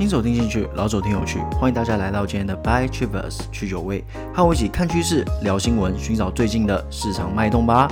新手聽進去，老手聽有趣，歡迎大家來到今天的 By Travers 去九位，和我一起看趨勢、聊新聞，尋找最近的市場脈動吧。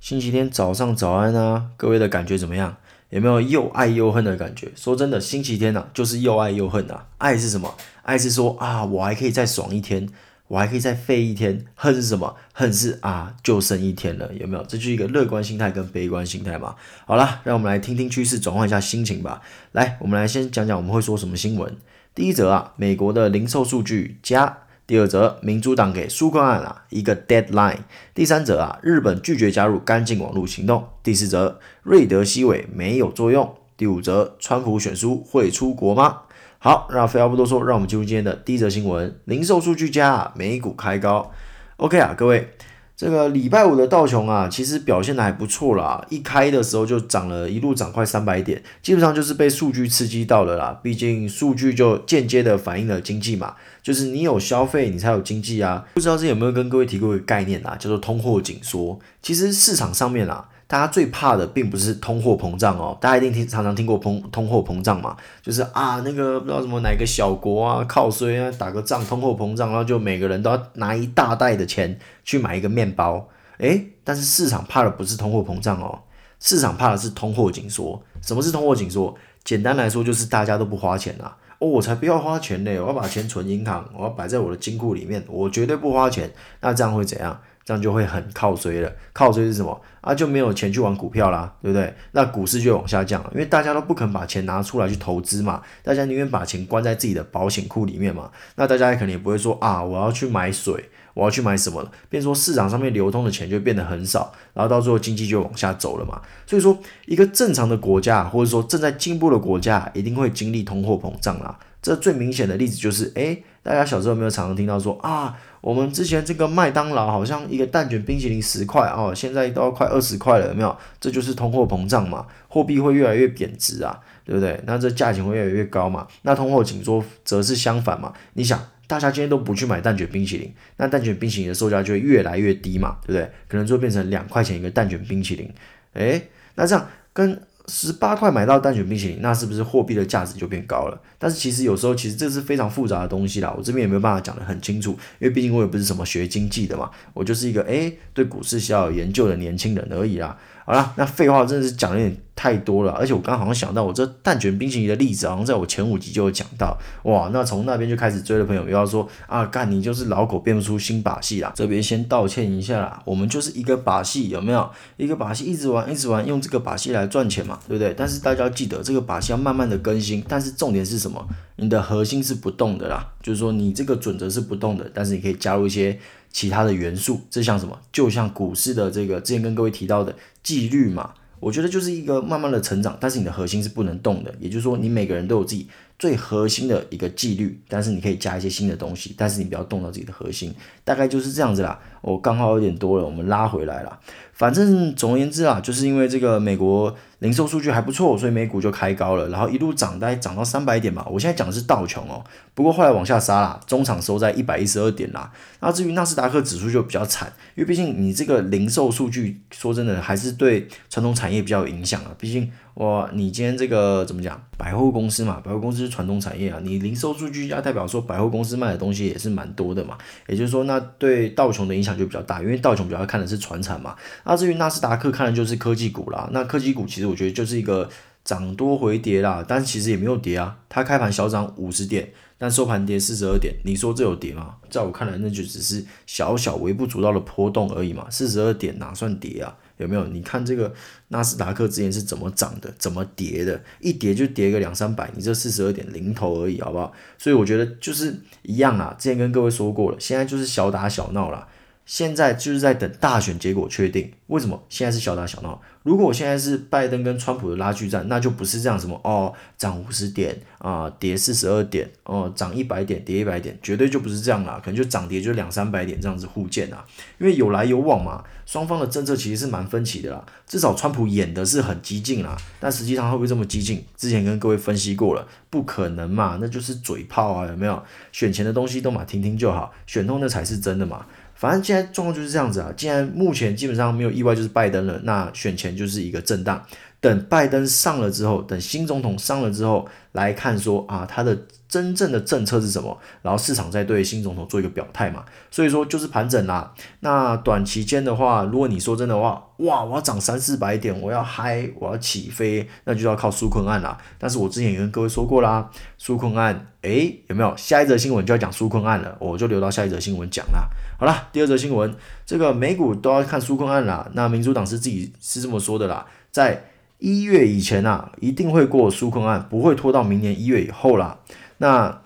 星期天早上早安啊，各位的感覺怎麼樣？有沒有又愛又恨的感覺？說真的，星期天呢、啊，就是又愛又恨啊。愛是什麼？愛是說啊，我還可以再爽一天。我還可以再廢一天，恨是什麼？恨是啊，就剩一天了，有沒有？這就是一個樂觀心態跟悲觀心態嘛。好了，讓我們來聽聽趨勢，轉換一下心情吧。來，我們來先講講我們會說什麼新聞。第一則啊，美國的零售數據佳；第二則，民主黨給紓困案啊一個 deadline；第三則啊，日本拒絕加入乾淨網絡行動；第四則，瑞德西韋沒有作用；第五則，川普選輸會出國嗎？好，那廢話不多說，讓我們進入今天的第一則新聞。零售數據佳、啊、美股開高。OK 啊，各位，這個禮拜五的道瓊啊，其實表現得還不錯啦。一開的時候就漲了，一路漲快三百點，基本上就是被數據刺激到的啦。畢竟數據就間接的反映了經濟嘛，就是你有消費，你才有經濟啊。不知道這有沒有跟各位提過一個概念啊，叫做通貨緊縮。其實市場上面啊。大家最怕的並不是通貨膨脹哦，大家一定聽常常聽過通通貨膨脹嘛，就是啊那個不知道什麼哪個小國啊，靠衰啊打個仗，通貨膨脹，然後就每個人都要拿一大袋的錢去買一個麵包，誒、欸，但是市場怕的不是通貨膨脹哦，市場怕的是通貨緊縮。什麼是通貨緊縮？簡單來說就是大家都不花錢啦、啊，哦我才不要花錢呢，我要把錢存銀行，我要擺在我的金庫裡面，我絕對不花錢，那這樣會怎樣？這樣就會很靠水了，靠水是什麼啊？就沒有錢去玩股票啦，對不對？那股市就往下降了，因為大家都不肯把錢拿出來去投資嘛，大家寧願把錢關在自己的保險庫裡面嘛。那大家也肯定也不會說啊，我要去買水，我要去買什麼了。變成說市場上面流通的錢就變得很少，然後到最後經濟就往下走了嘛。所以說，一個正常的國家或者說正在進步的國家，一定會經歷通貨膨脹啦。這最明顯的例子就是，誒、欸，大家小時候有沒有常常聽到說啊？我們之前這個麥當勞好像一個蛋卷冰淇淋十塊哦，現在都要快二十塊了，有沒有？這就是通貨膨脹嘛，貨幣會越來越貶值啊，對不對？那這價錢會越來越高嘛？那通貨緊縮則是相反嘛？你想，大家今天都不去買蛋卷冰淇淋，那蛋卷冰淇淋的售價就會越來越低嘛，對不對？可能就變成兩塊錢一個蛋卷冰淇淋，誒，那這樣跟。十八塊買到蛋捲冰淇淋，那是不是貨幣的價值就變高了？但是其實有時候，其實這是非常複雜的東西啦。我這邊也沒有辦法講得很清楚，因為畢竟我也不是什麼學經濟的嘛，我就是一個哎、欸、對股市需要有研究的年輕人而已啦。好了，那廢話真的是講了有點太多了啊，而且我剛剛好像想到，我這蛋卷冰淇淋的例子好像在我前五集就有講到，哇，那從那邊就開始追的朋友又要說啊，幹你就是老狗變不出新把戲啦，這邊先道歉一下啦，我們就是一個把戲，有沒有？一個把戲一直玩一直玩，用這個把戲來賺錢嘛，對不對？但是大家要記得這個把戲要慢慢的更新，但是重點是什麼？你的核心是不動的啦，就是說你這個準則是不動的，但是你可以加入一些。其他的元素，這像什麼？就像股市的這個，之前跟各位提到的紀律嘛，我覺得就是一個慢慢的成長，但是你的核心是不能動的，也就是說你每個人都有自己。最核心的一個紀律，但是你可以加一些新的東西，但是你不要動到自己的核心，大概就是這樣子啦。我、哦、剛好有點多了，我們拉回來啦。反正總而言之啊，就是因為這個美國零售數據還不錯，所以美股就開高了，然後一路漲，大概漲到三百點吧。我現在講的是道瓊哦，不過後來往下殺啦，中場收在一百一十二點啦。那至於納斯達克指數就比較慘，因為畢竟你這個零售數據說真的還是對傳統產業比較有影響啊，畢竟。哇，你今天這個怎麼講？百貨公司嘛，百貨公司是傳統產業啊，你零售數據佳，代表說百貨公司賣的東西也是蠻多的嘛，也就是說那對道瓊的影響就比較大，因為道瓊比較看的是傳產嘛。那至於納斯達克看的就是科技股啦，那科技股其實我覺得就是一個漲多回跌啦，但是其實也沒有跌啊，它開盤小漲五十點，但收盤跌四十二點，你說這有跌嗎？在我看來那就只是小小微不足道的波動而已嘛，四十二點哪算跌啊？有沒有？你看這個納斯達克之前是怎麼漲的，怎麼跌的？一跌就跌個兩三百，你這四十二點零頭而已，好不好？所以我覺得就是一樣啊，之前跟各位說過了，現在就是小打小鬧啦。現在就是在等大選結果確定。為什麼現在是小打小鬧？如果我現在是拜登跟川普的拉鋸戰，那就不是這樣。什麼哦，漲五十點啊、呃，跌四十二點哦、呃，漲一百點，跌一百點，絕對就不是這樣啦。可能就漲跌就兩三百點這樣子互見啊，因為有來有往嘛。雙方的政策其實是蠻分歧的啦。至少川普演的是很激進啦，但實際上會不會這麼激進？之前跟各位分析過了，不可能嘛，那就是嘴炮啊，有沒有？選前的東西都嘛聽聽就好，選通那才是真的嘛。反正現在狀況就是這樣子啊，既然目前基本上沒有意外，就是拜登了，那選前就是一個震盪。等拜登上了之後，等新總統上了之後來看說啊，他的真正的政策是什麼，然後市場在對新總統做一個表態嘛。所以說就是盤整啦。那短期間的話，如果你說真的話，哇，我要漲三四百點，我要嗨，我要起飛，那就要靠紓困案啦。但是我之前也跟各位說過啦，紓困案，誒、欸，有沒有下一則新聞就要講紓困案了，我就留到下一則新聞講啦。好啦，第二則新聞，這個美股都要看紓困案啦。那民主黨是自己是這麼說的啦，在一月以前吶、啊，一定會過紓困案，不會拖到明年一月以後啦。那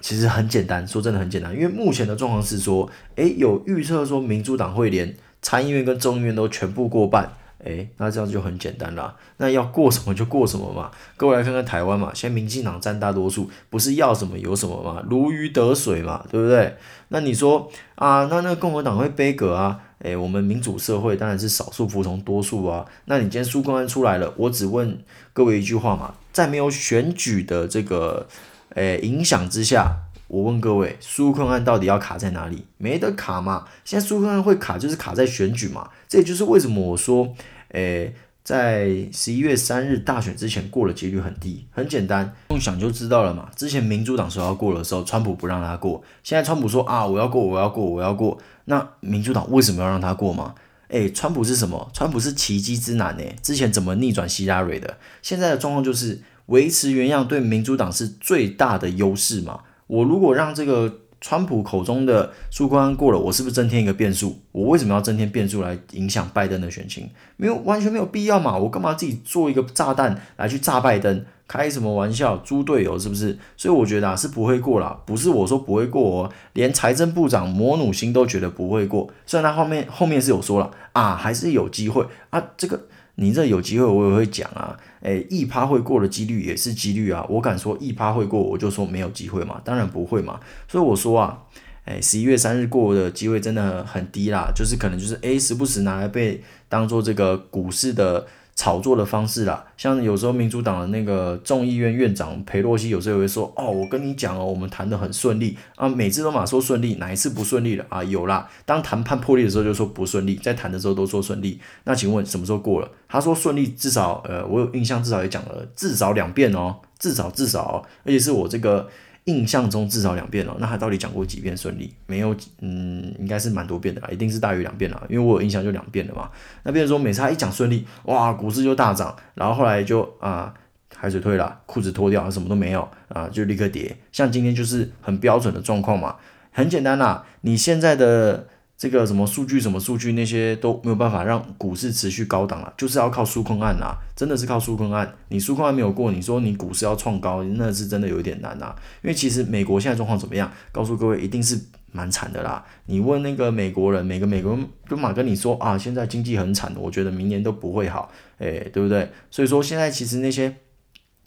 其實很簡單，說真的很簡單，因為目前的狀況是說，誒有預測說民主黨會連參議院跟眾議院都全部過半，誒那這樣就很簡單了。那要過什麼就過什麼嘛。各位來看看台灣嘛，現在民進黨佔大多數，不是要什麼有什麼嘛，如魚得水嘛，對不對？那你說啊，那那個共和黨會杯葛啊？誒我們民主社會當然是少數服從多數啊。那你今天紓困案出來了，我只問各位一句話嘛，在沒有選舉的這個誒影響之下，我問各位，紓困案到底要卡在哪裡？沒得卡嘛？現在紓困案會卡就是卡在選舉嘛？這也就是為什麼我說，誒。在十一月三日大選之前過的幾率很低，很簡單，用想就知道了嘛。之前民主黨說要過的時候，川普不讓他過。現在川普說啊，我要過，我要過，我要過。那民主黨為什麼要讓他過嘛？誒、欸，川普是什麼？川普是奇蹟之男呢、欸。之前怎麼逆轉希拉瑞的？現在的狀況就是維持原樣，對民主黨是最大的優勢嘛。我如果讓這個。川普口中的紓困過了，我是不是增添一個變數？我為什麼要增添變數來影響拜登的選情？沒有，完全沒有必要嘛！我幹嘛自己做一個炸彈來去炸拜登？開什麼玩笑？豬隊友是不是？所以我覺得啊，是不會過啦。不是我說不會過，哦，連財政部長摩努辛都覺得不會過。雖然他後面後面是有說了啊，還是有機會啊，這個。你這有機會我也會講啊，哎，一趴會過的幾率也是幾率啊，我敢說一趴會過，我就說沒有機會嘛，當然不會嘛，所以我說啊，哎，十一月三日過的機會真的很低啦，就是可能就是，哎，時不時拿來被當做這個股市的炒作的方式啦，像有時候民主黨的那個眾議院院長裴洛西，有時候也會說哦，我跟你講哦，我們談得很順利啊，每次都嘛說順利，哪一次不順利了啊？有啦，當談判破裂的時候就說不順利，在談的時候都說順利。那請問什麼時候過了？他說順利，至少呃，我有印象，至少也講了至少兩遍哦，至少至少哦，而且是我這個。印象中至少兩遍了，哦，那他到底講過幾遍順利？沒有，嗯，應該是蠻多遍的啦，一定是大於兩遍啦，因為我有印象就兩遍的嘛。那比如說每次他一講順利，哇，股市就大漲，然後後來就啊，呃、海水退了，褲子脫掉，什麼都沒有啊，呃，就立刻跌。像今天就是很標準的狀況嘛，很簡單啦，你現在的。這個什麼數據，什麼數據，那些都沒有辦法讓股市持續高檔了、啊，就是要靠紓困案啦、啊，真的是靠紓困案。你紓困案沒有過，你說你股市要創高，那是真的有點難吶、啊。因為其實美國現在狀況怎麼樣？告訴各位，一定是蠻慘的啦。你問那個美國人，每個美國人，就嘛跟你說啊，現在經濟很慘，我覺得明年都不會好，哎，對不對？所以說現在其實那些。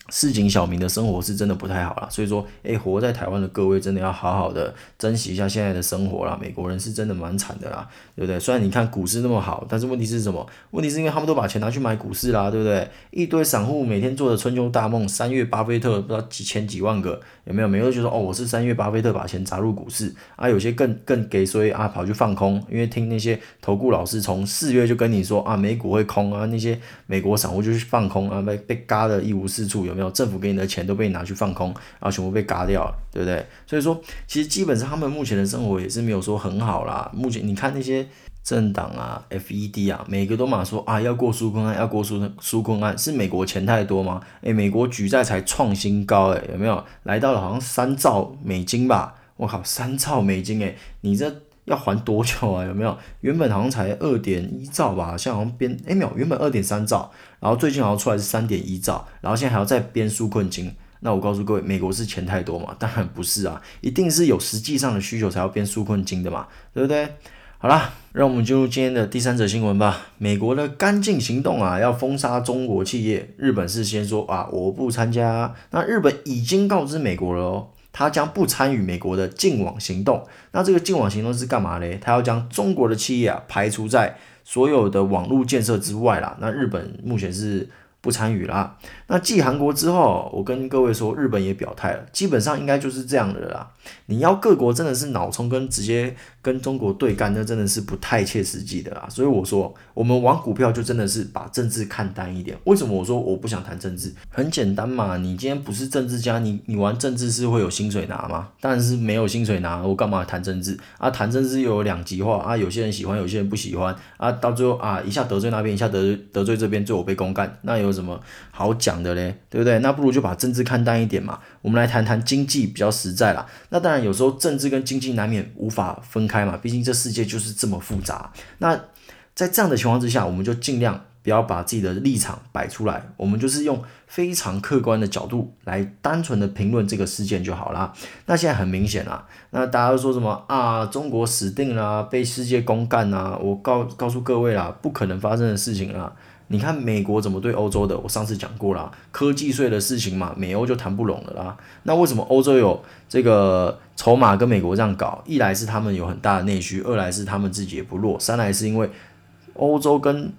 市井小民的生活是真的不太好了，所以說，哎、欸，活在台灣的各位真的要好好的珍惜一下現在的生活啦，美國人是真的蠻慘的啦，對不對？雖然你看股市那麼好，但是問題是什麼？問題是因為他們都把錢拿去買股市啦，對不對？一堆散戶每天做的春秋大夢，三月巴菲特不知道幾千幾萬個有沒有？沒有就說哦，我是三月巴菲特把錢砸入股市啊？有些更更給衰啊，跑去放空，因為聽那些投顧老師從四月就跟你說啊，美股會空啊，那些美國散戶就去放空啊，被被嘎的一無是處有沒有？沒有政府給你的錢都被你拿去放空，然、啊、後全部被嘎掉了，對不對？所以說，其實基本上他們目前的生活也是沒有說很好啦。目前你看那些政黨啊、FED 啊，每個都嘛說啊，要過紓困案啊，要過紓紓困案，是美國錢太多嗎？誒，美國舉債才創新高誒、欸，有沒有？來到了好像三兆美金吧，我靠，三兆美金誒、欸，你這。要還多久啊？有沒有原本好像才二點一兆吧，像好像編哎、欸、沒有，原本二點三兆，然後最近好像出來是三點一兆，然後現在還要再編紓困金。那我告訴各位，美國是錢太多嘛？當然不是啊，一定是有實際上的需求才要編紓困金的嘛，對不對？好啦，讓我們進入今天的第三則新聞吧。美國的乾淨行動啊，要封殺中國企業。日本事先說啊，我不參加。那日本已經告知美國了哦。他將不參與美國的淨網行動。那這個淨網行動是幹嘛嘞？他要將中國的企業啊排除，在所有的網絡建設之外啦。那日本目前是。不參與啦。那繼韓國之後，我跟各位說，日本也表態了，基本上應該就是這樣的啦。你要各國真的是腦衝跟直接跟中國對幹，那真的是不太切實際的啊。所以我說，我們玩股票就真的是把政治看淡一點。為什麼我說我不想談政治？很簡單嘛，你今天不是政治家，你你玩政治是會有薪水拿嗎？當然是沒有薪水拿，我幹嘛談政治啊？談政治又有兩極化啊，有些人喜歡，有些人不喜歡啊，到最後啊，一下得罪那邊，一下得罪得罪這邊，最後被公幹，那有。什麼好講的嘞，對不對？那不如就把政治看淡一點嘛，我們來談談經濟比較實在啦。那當然有時候政治跟經濟難免無法分開嘛，畢竟這世界就是這麼複雜。那在這樣的情況之下，我們就儘量不要把自己的立場擺出來，我們就是用非常客觀的角度來單純的評論這個事件就好啦。那現在很明顯啦，那大家都說什麼啊？中國死定了，被世界公幹啦，我告告訴各位啦，不可能發生的事情啊！你看美國怎麼對歐洲的，我上次講過了啊，科技稅的事情嘛，美歐就談不攏了啦啊。那為什麼歐洲有這個籌碼跟美國這樣搞？一來是他們有很大的內需，二來是他們自己也不弱，三來是因為歐洲跟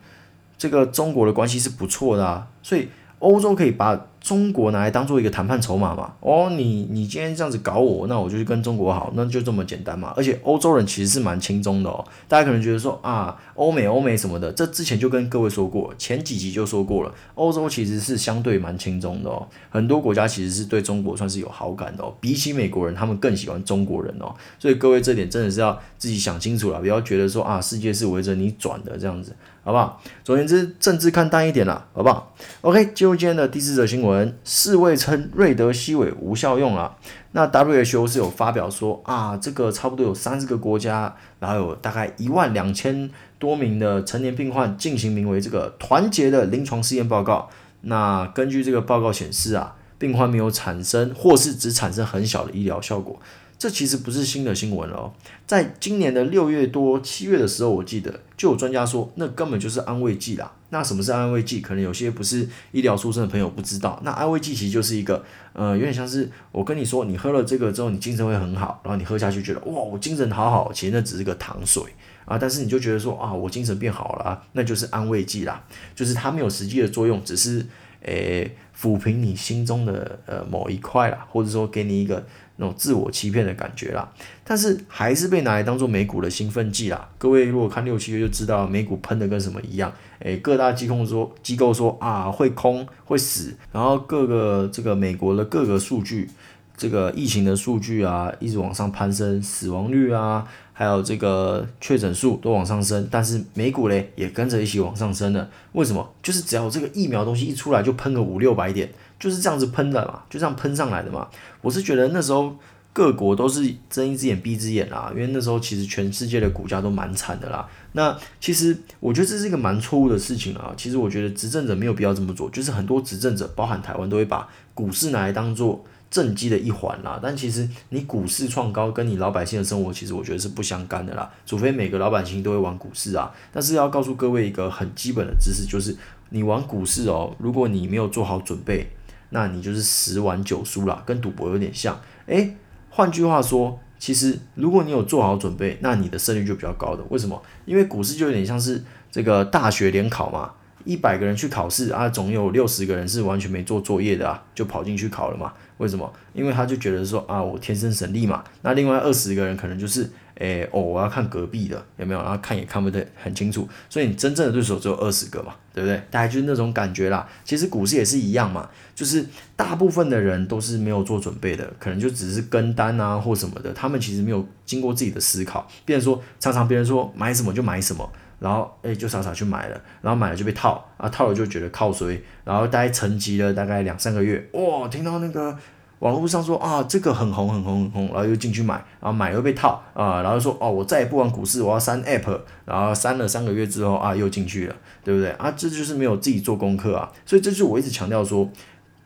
這個中國的關係是不錯的啊，所以。歐洲可以把中國拿來當做一個談判籌碼嘛？哦，你你今天這樣子搞我，那我就去跟中國好，那就這麼簡單嘛。而且歐洲人其實是蠻輕鬆的哦。大家可能覺得說啊，歐美歐美什麼的，這之前就跟各位說過，前幾集就說過了，歐洲其實是相對蠻輕鬆的哦。很多國家其實是對中國算是有好感的哦，比起美國人，他們更喜歡中國人哦。所以各位這點真的是要自己想清楚了，不要覺得說啊，世界是圍着你轉的這樣子。好不好？總而言之，政治看淡一點啦，好不好？OK，進入今天的第四則新聞，世衛稱瑞德西韋無效用啊。那 WHO 是有發表說啊，這個差不多有三十個國家，然後有大概一萬兩千多名的成年病患進行名為這個“團結”的臨床試驗報告。那根據這個報告顯示啊，病患沒有產生，或是只產生很小的醫療效果。這其實不是新的新聞了哦，在今年的六月多七月的時候，我記得就有專家說，那根本就是安慰劑啦。那什麼是安慰劑？可能有些不是醫療出身的朋友不知道。那安慰劑其實就是一個，呃，有點像是我跟你說，你喝了這個之後，你精神會很好，然後你喝下去覺得哇，我精神好好，其實那只是個糖水啊。但是你就覺得說啊，我精神變好了，那就是安慰劑啦，就是它沒有實際的作用，只是誒，呃，撫平你心中的呃某一塊啦，或者說給你一個。那種自我欺騙的感覺啦，但是還是被拿來當作美股的興奮劑啦。各位如果看六七月就知道，美股噴的跟什麼一樣，誒、欸，各大機構說機構說啊會空會死，然後各個這個美國的各個數據，這個疫情的數據啊一直往上攀升，死亡率啊還有這個確診數都往上升，但是美股嘞，也跟着一起往上升了，為什麼？就是只要這個疫苗東西一出來就噴個五六百點。就是這樣子噴的嘛，就這樣噴上來的嘛。我是覺得那時候各國都是睜一只眼閉一只眼啦，因為那時候其實全世界的股價都蠻慘的啦。那其實我覺得這是一個蠻錯誤的事情啊。其實我覺得執政者沒有必要這麼做，就是很多執政者，包含台灣，都會把股市拿來當做政績的一環啦。但其實你股市創高跟你老百姓的生活，其實我覺得是不相干的啦。除非每個老百姓都會玩股市啊。但是要告訴各位一個很基本的知識，就是你玩股市哦，如果你沒有做好準備。那你就是十玩九輸啦，跟賭博有點像。誒，換句話說，其實如果你有做好準備，那你的勝率就比較高的。為什麼？因為股市就有點像是這個大學聯考嘛，一百個人去考試啊，總有六十個人是完全沒做作業的啊，就跑進去考了嘛。為什麼？因為他就覺得說啊，我天生神力嘛。那另外二十個人可能就是。誒、欸，哦，我要看隔壁的有沒有，然後看也看不得很清楚，所以你真正的對手只有二十個嘛，對不對？大概就是那種感覺啦。其實股市也是一樣嘛，就是大部分的人都是沒有做準備的，可能就只是跟單啊或什麼的，他們其實沒有經過自己的思考。比方說，常常別人說買什麼就買什麼，然後誒、欸，就傻傻去買了，然後買了就被套啊，套了就覺得靠，所以然後大概沉寂了大概兩三個月，哇、哦，聽到那個。網絡上說啊，這個很紅很紅很紅，然後又進去買，然後買又被套啊，然後說哦、啊，我再也不玩股市，我要刪 APP，然後刪了三個月之後啊，又進去了，對不對啊？這就是沒有自己做功課啊，所以這就是我一直強調說，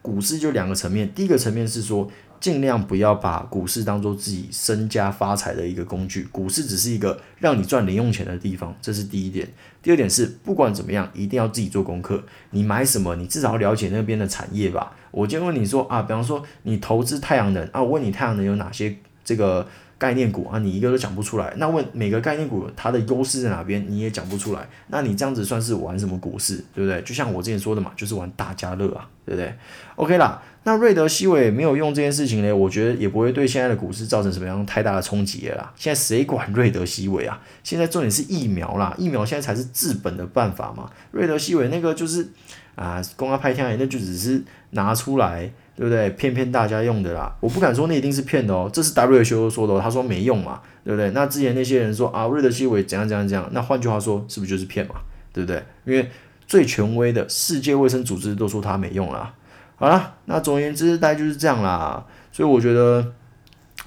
股市就兩個層面，第一個層面是說，盡量不要把股市當做自己身家發財的一個工具，股市只是一個讓你賺零用錢的地方，這是第一點。第二點是，不管怎麼樣，一定要自己做功課。你買什麼，你至少了解那邊的產業吧。我今天問你說啊，比方說你投資太陽能啊，我問你太陽能有哪些？這個概念股啊，你一個都講不出來，那問每個概念股它的優勢在哪邊，你也講不出來，那你這樣子算是玩什麼股市，對不對？就像我之前說的嘛，就是玩大家樂啊，對不對？OK 啦，那瑞德西韋沒有用這件事情呢，我覺得也不會對現在的股市造成什麼樣太大的衝擊了啦。現在誰管瑞德西韋啊？現在重點是疫苗啦，疫苗現在才是治本的辦法嘛。瑞德西韋那個就是啊，剛剛拍下來，那就只是拿出來。對不對？騙騙大家用的啦，我不敢說那一定是騙的哦。這是 W H O 說的哦，他說沒用嘛，對不對？那之前那些人說啊，瑞德西韋怎樣怎樣怎樣，那換句話說，是不是就是騙嘛？對不對？因為最權威的世界衛生組織都說它沒用啦。好啦，那總而言之，大概就是這樣啦。所以我覺得。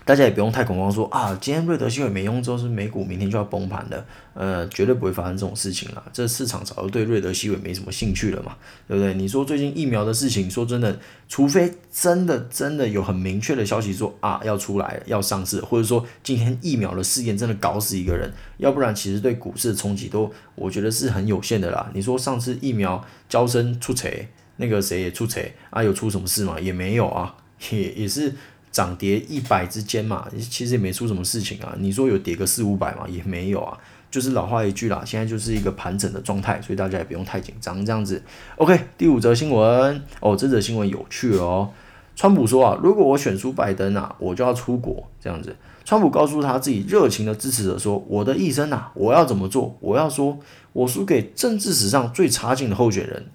大家也不用太恐慌說，說啊，今天瑞德西韋沒用之後是，是美股明天就要崩盤了，呃，絕對不會發生這種事情了。這市場早就對瑞德西韋沒什麼興趣了嘛，對不對？你說最近疫苗的事情，說真的，除非真的真的有很明確的消息說啊，要出來要上市，或者說今天疫苗的試驗真的搞死一個人，要不然其實對股市的衝擊都我覺得是很有限的啦。你說上次疫苗嬌生出槌，那個誰也出槌啊，有出什麼事嗎？也沒有啊，也也是。漲跌一百之間嘛，其實也沒出什麼事情啊。你說有跌個四五百嘛，也沒有啊。就是老話一句啦，現在就是一個盤整的狀態，所以大家也不用太緊張。這樣子，OK。第五則新聞哦，這則新聞有趣哦。川普說啊，如果我選出拜登吶，我就要出國。這樣子，川普告訴他自己熱情的支持者說：“我的一生吶，我要怎麼做？我要說，我輸給政治史上最差勁的候選人，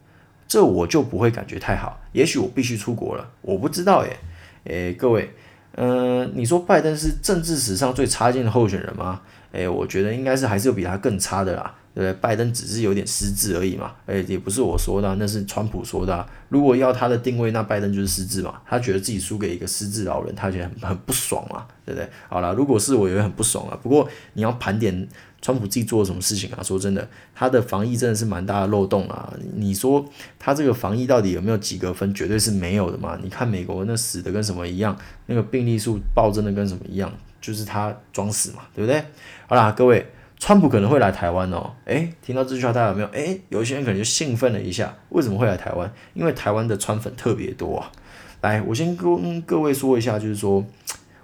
這我就不會感覺太好。也許我必須出國了，我不知道耶。”哎、欸，各位，嗯、呃，你說拜登是政治史上最差勁的候選人嗎？哎、欸，我覺得應該是還是有比他更差的啦，對不對？拜登只是有點失智而已嘛，哎、欸，也不是我說的、啊，那是川普說的、啊。如果要他的定位，那拜登就是失智嘛，他覺得自己輸給一個失智老人，他覺得很很不爽啊，對不對？好了，如果是我也很不爽啊。不過你要盤點。川普自己做了什麼事情啊？說真的，他的防疫真的是蠻大的漏洞啊！你說他這個防疫到底有沒有及格分？絕對是沒有的嘛！你看美國那死的跟什麼一樣，那個病例數暴增的跟什麼一樣，就是他裝死嘛，對不對？好啦，各位，川普可能會來台灣哦。誒，聽到這句話，大家有沒有？誒，有一些人可能就興奮了一下。為什麼會來台灣？因為台灣的川粉特別多啊！來，我先跟各位說一下，就是說。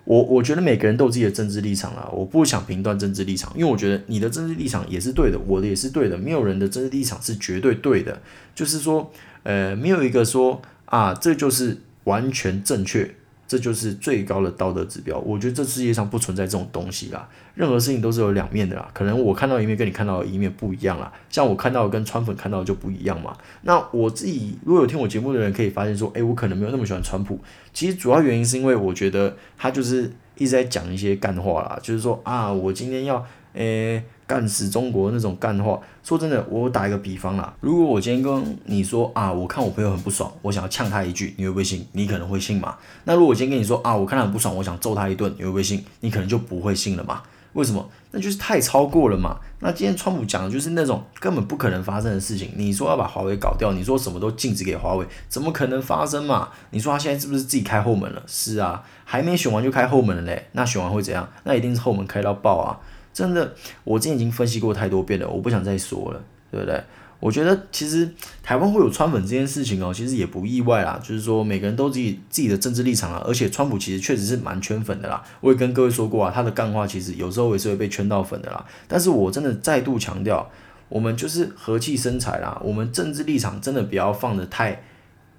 我我覺得每個人都有自己的政治立場啦、啊，我不想評斷政治立場，因為我覺得你的政治立場也是對的，我的也是對的，沒有人的政治立場是絕對對的，就是說，呃，沒有一個說啊，這就是完全正確。這就是最高的道德指標。我覺得這世界上不存在這種東西啦，任何事情都是有兩面的啦。可能我看到一面，跟你看到的一面不一樣啦。像我看到跟川粉看到的就不一樣嘛。那我自己如果有聽我節目的人，可以發現說，哎，我可能沒有那麼喜歡川普。其實主要原因是因為我覺得他就是一直在講一些幹話啦，就是說啊，我今天要。誒，幹死中國那種幹話，說真的，我打一個比方啦。如果我今天跟你說啊，我看我朋友很不爽，我想要嗆他一句，你會不會信？你可能會信嘛。那如果我今天跟你說啊，我看他很不爽，我想揍他一頓，你會不會信？你可能就不會信了嘛。為什麼？那就是太超過了嘛。那今天川普講的就是那種根本不可能發生的事情。你說要把華為搞掉，你說什麼都禁止給華為，怎麼可能發生嘛？你說他現在是不是自己開後門了？是啊，還沒選完就開後門了嘞。那選完會怎樣？那一定是後門開到爆啊。真的，我之前已經分析過太多遍了，我不想再說了，對不對？我覺得其實台灣會有川粉這件事情哦，其實也不意外啦。就是說，每個人都自己自己的政治立場啊，而且川普其實確實是蠻圈粉的啦。我也跟各位說過啊，他的幹話其實有時候也是會被圈到粉的啦。但是我真的再度強調，我們就是和氣生財啦。我們政治立場真的不要放得太，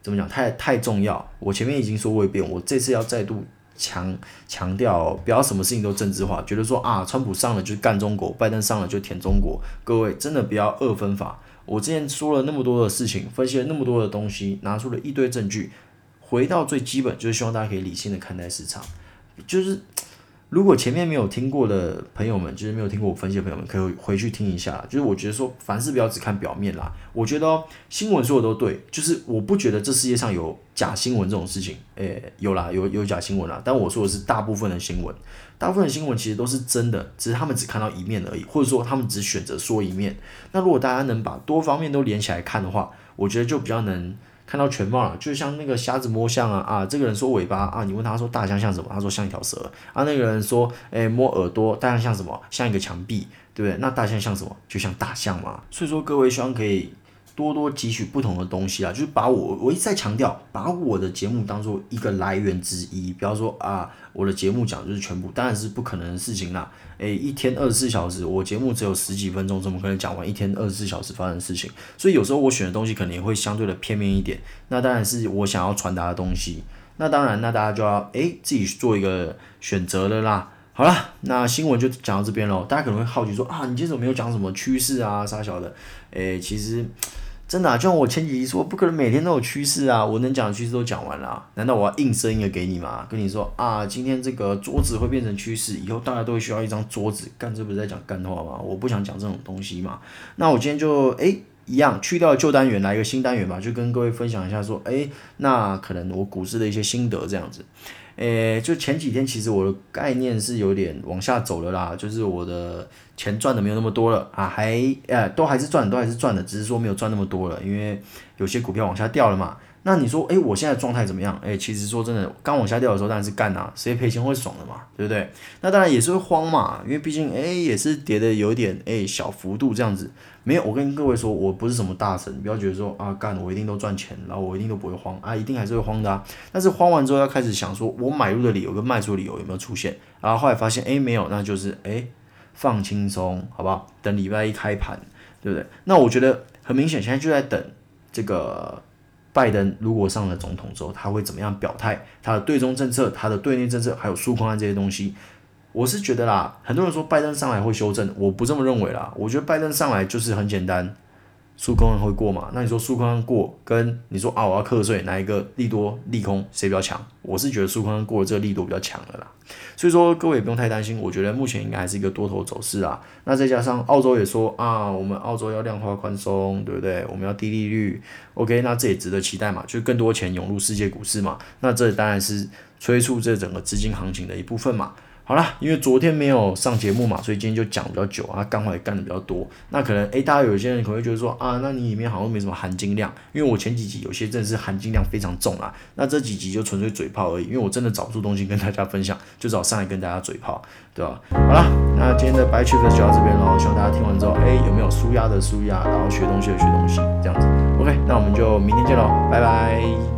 怎麼講，太太重要。我前面已經說過一遍，我這次要再度。強強調、哦、不要什麼事情都政治化，覺得說啊，川普上了就幹中國，拜登上了就舔中國。各位真的不要二分法。我之前說了那麼多的事情，分析了那麼多的東西，拿出了一堆證據，回到最基本，就是希望大家可以理性的看待市場，就是。如果前面沒有聽過的朋友們，就是沒有聽過我分析的朋友們，可以回去聽一下。就是我覺得說，凡事不要只看表面啦。我覺得哦，新聞說的都對，就是我不覺得這世界上有假新聞這種事情。誒，有啦，有有假新聞啦。但我說的是大部分的新聞，大部分的新聞其實都是真的，只是他們只看到一面而已，或者說他們只選擇說一面。那如果大家能把多方面都連起來看的話，我覺得就比較能。看到全貌了，就像那個瞎子摸象啊啊。這個人說尾巴啊，你問他說大象像什麼？他說像一條蛇啊。那個人說，誒，摸耳朵，大象像什麼？像一個牆壁，對不對？那大象像什麼？就像大象嘛。所以說各位希望可以。多多汲取不同的東西啦，就是把我我一再強調，把我的節目當做一個來源之一。比方說啊，我的節目講就是全部，當然是不可能的事情啦。誒、欸，一天二十四小時，我節目只有十幾分鐘，怎麼可能講完一天二十四小時發生的事情？所以有時候我選的東西可能也會相對的片面一點。那當然是我想要傳達的東西。那當然，那大家就要哎、欸、自己做一個選擇了啦。好了，那新聞就講到這邊嘍。大家可能會好奇說啊，你今天怎麼沒有講什麼趨勢啊、啥小的？誒、欸，其實。真的、啊，就像我前幾集說，不可能每天都有趨勢啊！我能講的趨勢都講完了、啊，難道我要硬生一個給你嗎？跟你說啊，今天這個桌子會變成趨勢，以後大家都會需要一張桌子，幹，這不是在講幹話嗎？我不想講這種東西嘛。那我今天就哎、欸，一樣去掉舊單元，來一個新單元吧，就跟各位分享一下說，哎、欸，那可能我股市的一些心得這樣子。誒、欸，就前幾天，其實我的概念是有點往下走了啦，就是我的錢賺的沒有那麼多了啊，還，呃、啊，都還是賺，都還是賺的，只是說沒有賺那麼多了，因為有些股票往下掉了嘛。那你說，誒，我現在狀態怎麼樣？誒，其實說真的，剛往下掉的時候，當然是幹吶、啊，誰賠錢會爽的嘛，對不對？那當然也是會慌嘛，因為畢竟，誒，也是跌得有點，誒，小幅度這樣子，沒有。我跟各位說，我不是什麼大神，不要覺得說啊，幹我一定都賺錢，然後我一定都不會慌啊，一定還是會慌的啊。但是慌完之後，要開始想說，我買入的理由跟賣出的理由有沒有出現？然後後來發現，誒，沒有，那就是誒，放輕鬆，好不好？等禮拜一開盤，對不對？那我覺得很明顯，現在就在等這個。拜登如果上了總統之後，他會怎麼樣表態？他的對中政策，他的對內政策，還有紓困案這些東西，我是覺得啦，很多人說拜登上來會修正，我不這麼認為啦。我覺得拜登上來就是很簡單。紓困會過嘛？那你說紓困過跟你說啊，我要課稅，哪一個利多利空誰比較強？我是覺得紓困過的這個利多比較強的啦。所以說各位也不用太擔心，我覺得目前應該還是一個多頭走勢啊。那再加上澳洲也說啊，我們澳洲要量化寬鬆，對不對？我們要低利率，OK，那這也值得期待嘛，就更多錢湧入世界股市嘛。那這當然是催促這整個資金行情的一部分嘛。好啦，因為昨天沒有上節目嘛，所以今天就講比較久啊，幹話也幹的比較多。那可能哎、欸，大家有些人可能會覺得說啊，那你裡面好像沒什麼含金量，因為我前幾集有些真的是含金量非常重啊。那這幾集就純粹嘴炮而已，因為我真的找不出東西跟大家分享，就只好上來跟大家嘴炮，對吧？好啦，那今天的白球就講到這邊嘍，希望大家聽完之後哎、欸，有沒有舒壓的舒壓，然後學東西的學東西，這樣子。OK，那我們就明天見嘍，拜拜。